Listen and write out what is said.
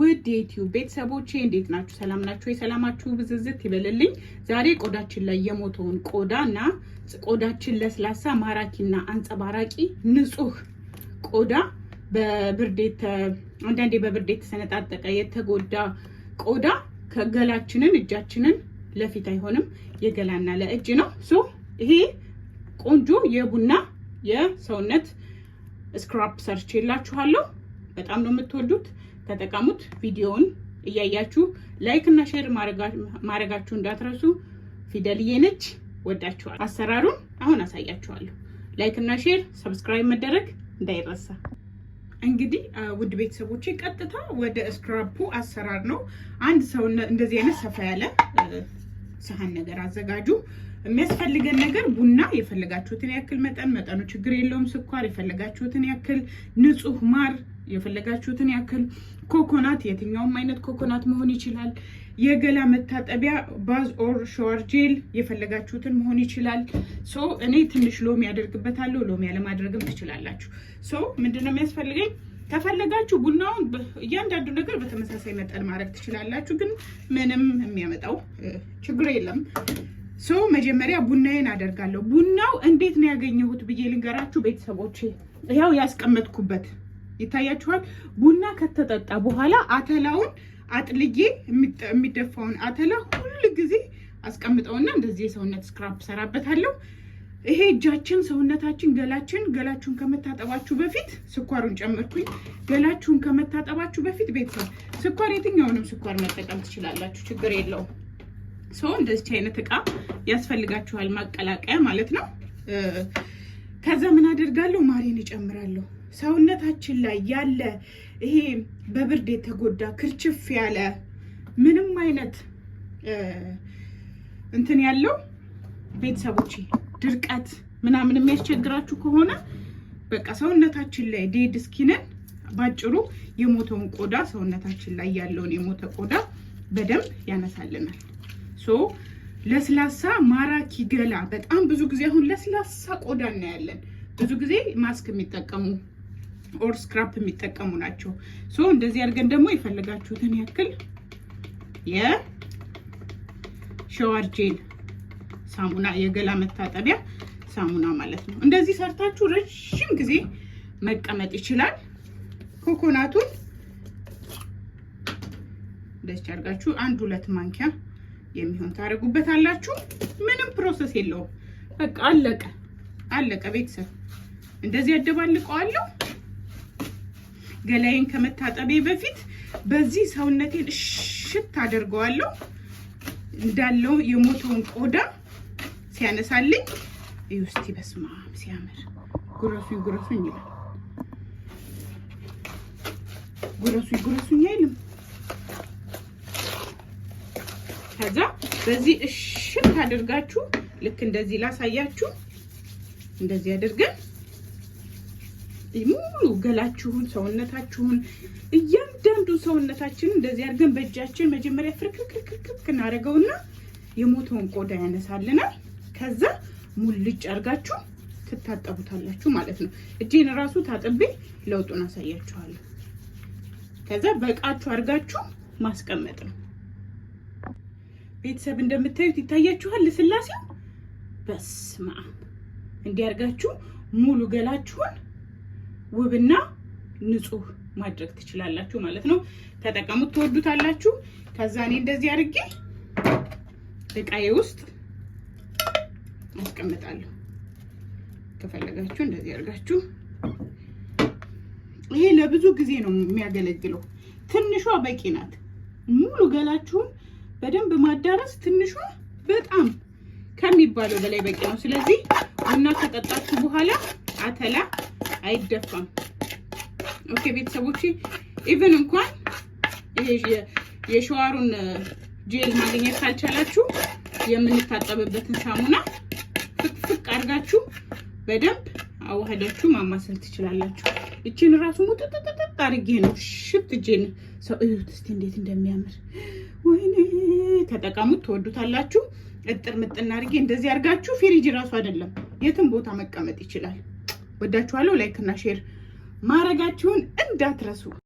ውድ የዩቲዩብ ቤተሰቦቼ እንዴት ናችሁ? ሰላም ናችሁ? የሰላማችሁ ብዝዝት ይበልልኝ። ዛሬ ቆዳችን ላይ የሞተውን ቆዳና ቆዳችን ለስላሳ ማራኪና አንጸባራቂ ንጹህ ቆዳ በብርድ አንዳንዴ በብርድ የተሰነጣጠቀ የተጎዳ ቆዳ ከገላችንን እጃችንን ለፊት አይሆንም የገላና ለእጅ ነው። ሶ ይሄ ቆንጆ የቡና የሰውነት ስክራፕ ሰርች የላችኋለሁ። በጣም ነው የምትወዱት። ተጠቀሙት። ቪዲዮውን እያያችሁ ላይክ እና ሼር ማድረጋችሁ እንዳትረሱ። ፊደልዬ ነች፣ ወዳችኋል። አሰራሩን አሁን አሳያችኋለሁ። ላይክ እና ሼር ሰብስክራይብ መደረግ እንዳይረሳ። እንግዲህ ውድ ቤተሰቦች ቀጥታ ወደ ስክራፑ አሰራር ነው። አንድ ሰው እንደዚህ አይነት ሰፋ ያለ ሰሀን ነገር አዘጋጁ። የሚያስፈልገን ነገር ቡና የፈለጋችሁትን ያክል መጠን፣ መጠኑ ችግር የለውም። ስኳር የፈለጋችሁትን ያክል፣ ንጹህ ማር የፈለጋችሁትን ያክል፣ ኮኮናት፣ የትኛውም አይነት ኮኮናት መሆን ይችላል። የገላ መታጠቢያ ባዝ ኦር ሸዋር ጄል የፈለጋችሁትን መሆን ይችላል። ሶ እኔ ትንሽ ሎሚ ያደርግበታለሁ። ሎሚ ያለማድረግም ትችላላችሁ። ሶ ምንድነው የሚያስፈልገኝ ከፈለጋችሁ ቡናውን እያንዳንዱ ነገር በተመሳሳይ መጠን ማድረግ ትችላላችሁ። ግን ምንም የሚያመጣው ችግር የለም። ሶ መጀመሪያ ቡናዬን አደርጋለሁ። ቡናው እንዴት ነው ያገኘሁት ብዬ ልንገራችሁ ቤተሰቦቼ። ያው ያስቀመጥኩበት ይታያችኋል። ቡና ከተጠጣ በኋላ አተላውን አጥልዬ የሚደፋውን አተላ ሁሉ ጊዜ አስቀምጠውና እንደዚህ የሰውነት ስክራፕ ሰራበታለሁ። ይሄ እጃችን፣ ሰውነታችን፣ ገላችን ገላችሁን ከመታጠባችሁ በፊት ስኳሩን ጨመርኩኝ። ገላችሁን ከመታጠባችሁ በፊት ቤተሰብ ስኳር፣ የትኛውንም ስኳር መጠቀም ትችላላችሁ፣ ችግር የለውም። ሰው እንደዚህ አይነት እቃ ያስፈልጋችኋል፣ ማቀላቀያ ማለት ነው። ከዛ ምን አደርጋለሁ? ማሪን እጨምራለሁ። ሰውነታችን ላይ ያለ ይሄ በብርድ የተጎዳ ክርችፍ ያለ ምንም አይነት እንትን ያለው ቤተሰቦች ድርቀት ምናምን የሚያስቸግራችሁ ከሆነ በቃ ሰውነታችን ላይ ዴድ ስኪንን ባጭሩ የሞተውን ቆዳ ሰውነታችን ላይ ያለውን የሞተ ቆዳ በደንብ ያነሳልናል። ለስላሳ ማራኪ ገላ በጣም ብዙ ጊዜ አሁን ለስላሳ ቆዳ እናያለን። ብዙ ጊዜ ማስክ የሚጠቀሙ ኦር ስክራፕ የሚጠቀሙ ናቸው። ሶ እንደዚህ አድርገን ደግሞ የፈለጋችሁትን ያክል የሸዋር ጄል ሳሙና፣ የገላ መታጠቢያ ሳሙና ማለት ነው። እንደዚህ ሰርታችሁ ረዥም ጊዜ መቀመጥ ይችላል። ኮኮናቱን ደስ አድርጋችሁ አንድ ሁለት ማንኪያ የሚሆን ታደርጉበታላችሁ። ምንም ፕሮሰስ የለውም። በቃ አለቀ አለቀ። ቤተሰብ እንደዚህ ያደባልቀዋለሁ። ገላይን ከመታጠቤ በፊት በዚህ ሰውነቴን እሽት አደርገዋለሁ። እንዳለው የሞተውን ቆዳ ሲያነሳልኝ እስቲ በስማ ሲያምር ጉረሱኝ ጉረሱኝ ይላል። ጉረሱኝ ጉረሱኝ አይልም። ከዛ በዚህ እሽት አድርጋችሁ ልክ እንደዚህ ላሳያችሁ። እንደዚህ አድርገን ሙሉ ገላችሁን፣ ሰውነታችሁን እያንዳንዱ ሰውነታችንን እንደዚህ አድርገን በእጃችን መጀመሪያ ፍርክርክርክርክ እናደርገውና የሞተውን ቆዳ ያነሳልናል። ከዛ ሙልጭ አድርጋችሁ ትታጠቡታላችሁ ማለት ነው። እጄን ራሱ ታጥቤ ለውጡን አሳያችኋለሁ። ከዛ በቃችሁ አድርጋችሁ ማስቀመጥ ነው። ቤተሰብ እንደምታዩት ይታያችኋል። ልስላሴው በስመ አብ እንዲያርጋችሁ ሙሉ ገላችሁን ውብና ንጹህ ማድረግ ትችላላችሁ ማለት ነው። ተጠቀሙት፣ ትወዱታላችሁ። ከዛ እኔ እንደዚህ አድርጌ እቃዬ ውስጥ አስቀምጣለሁ። ከፈለጋችሁ እንደዚህ አድርጋችሁ ይሄ ለብዙ ጊዜ ነው የሚያገለግለው። ትንሿ በቂ ናት። ሙሉ ገላችሁን በደንብ ማዳረስ ትንሹ በጣም ከሚባለው በላይ በቂ ነው። ስለዚህ ቡና ከጠጣችሁ በኋላ አተላ አይደፋም። ኦኬ ቤተሰቦች፣ ኢቭን እንኳን የሸዋሩን ጄል ማግኘት ካልቻላችሁ የምንታጠብበትን ሳሙና ፍቅፍቅ አድርጋችሁ በደንብ አዋህዳችሁ ማማሰል ትችላላችሁ። እችን ራሱ ሙጥጥጥጥ አድርጌ ነው ሽብት እጄን ሰው እዩት እስቲ እንዴት እንደሚያምር ወይኔ ተጠቀሙት፣ ትወዱታላችሁ። እጥር ምጥና አድርጌ እንደዚህ አድርጋችሁ ፍሪጅ ራሱ አይደለም የትም ቦታ መቀመጥ ይችላል። ወዳችኋለሁ። ላይክ እና ሼር ማድረጋችሁን እንዳትረሱ።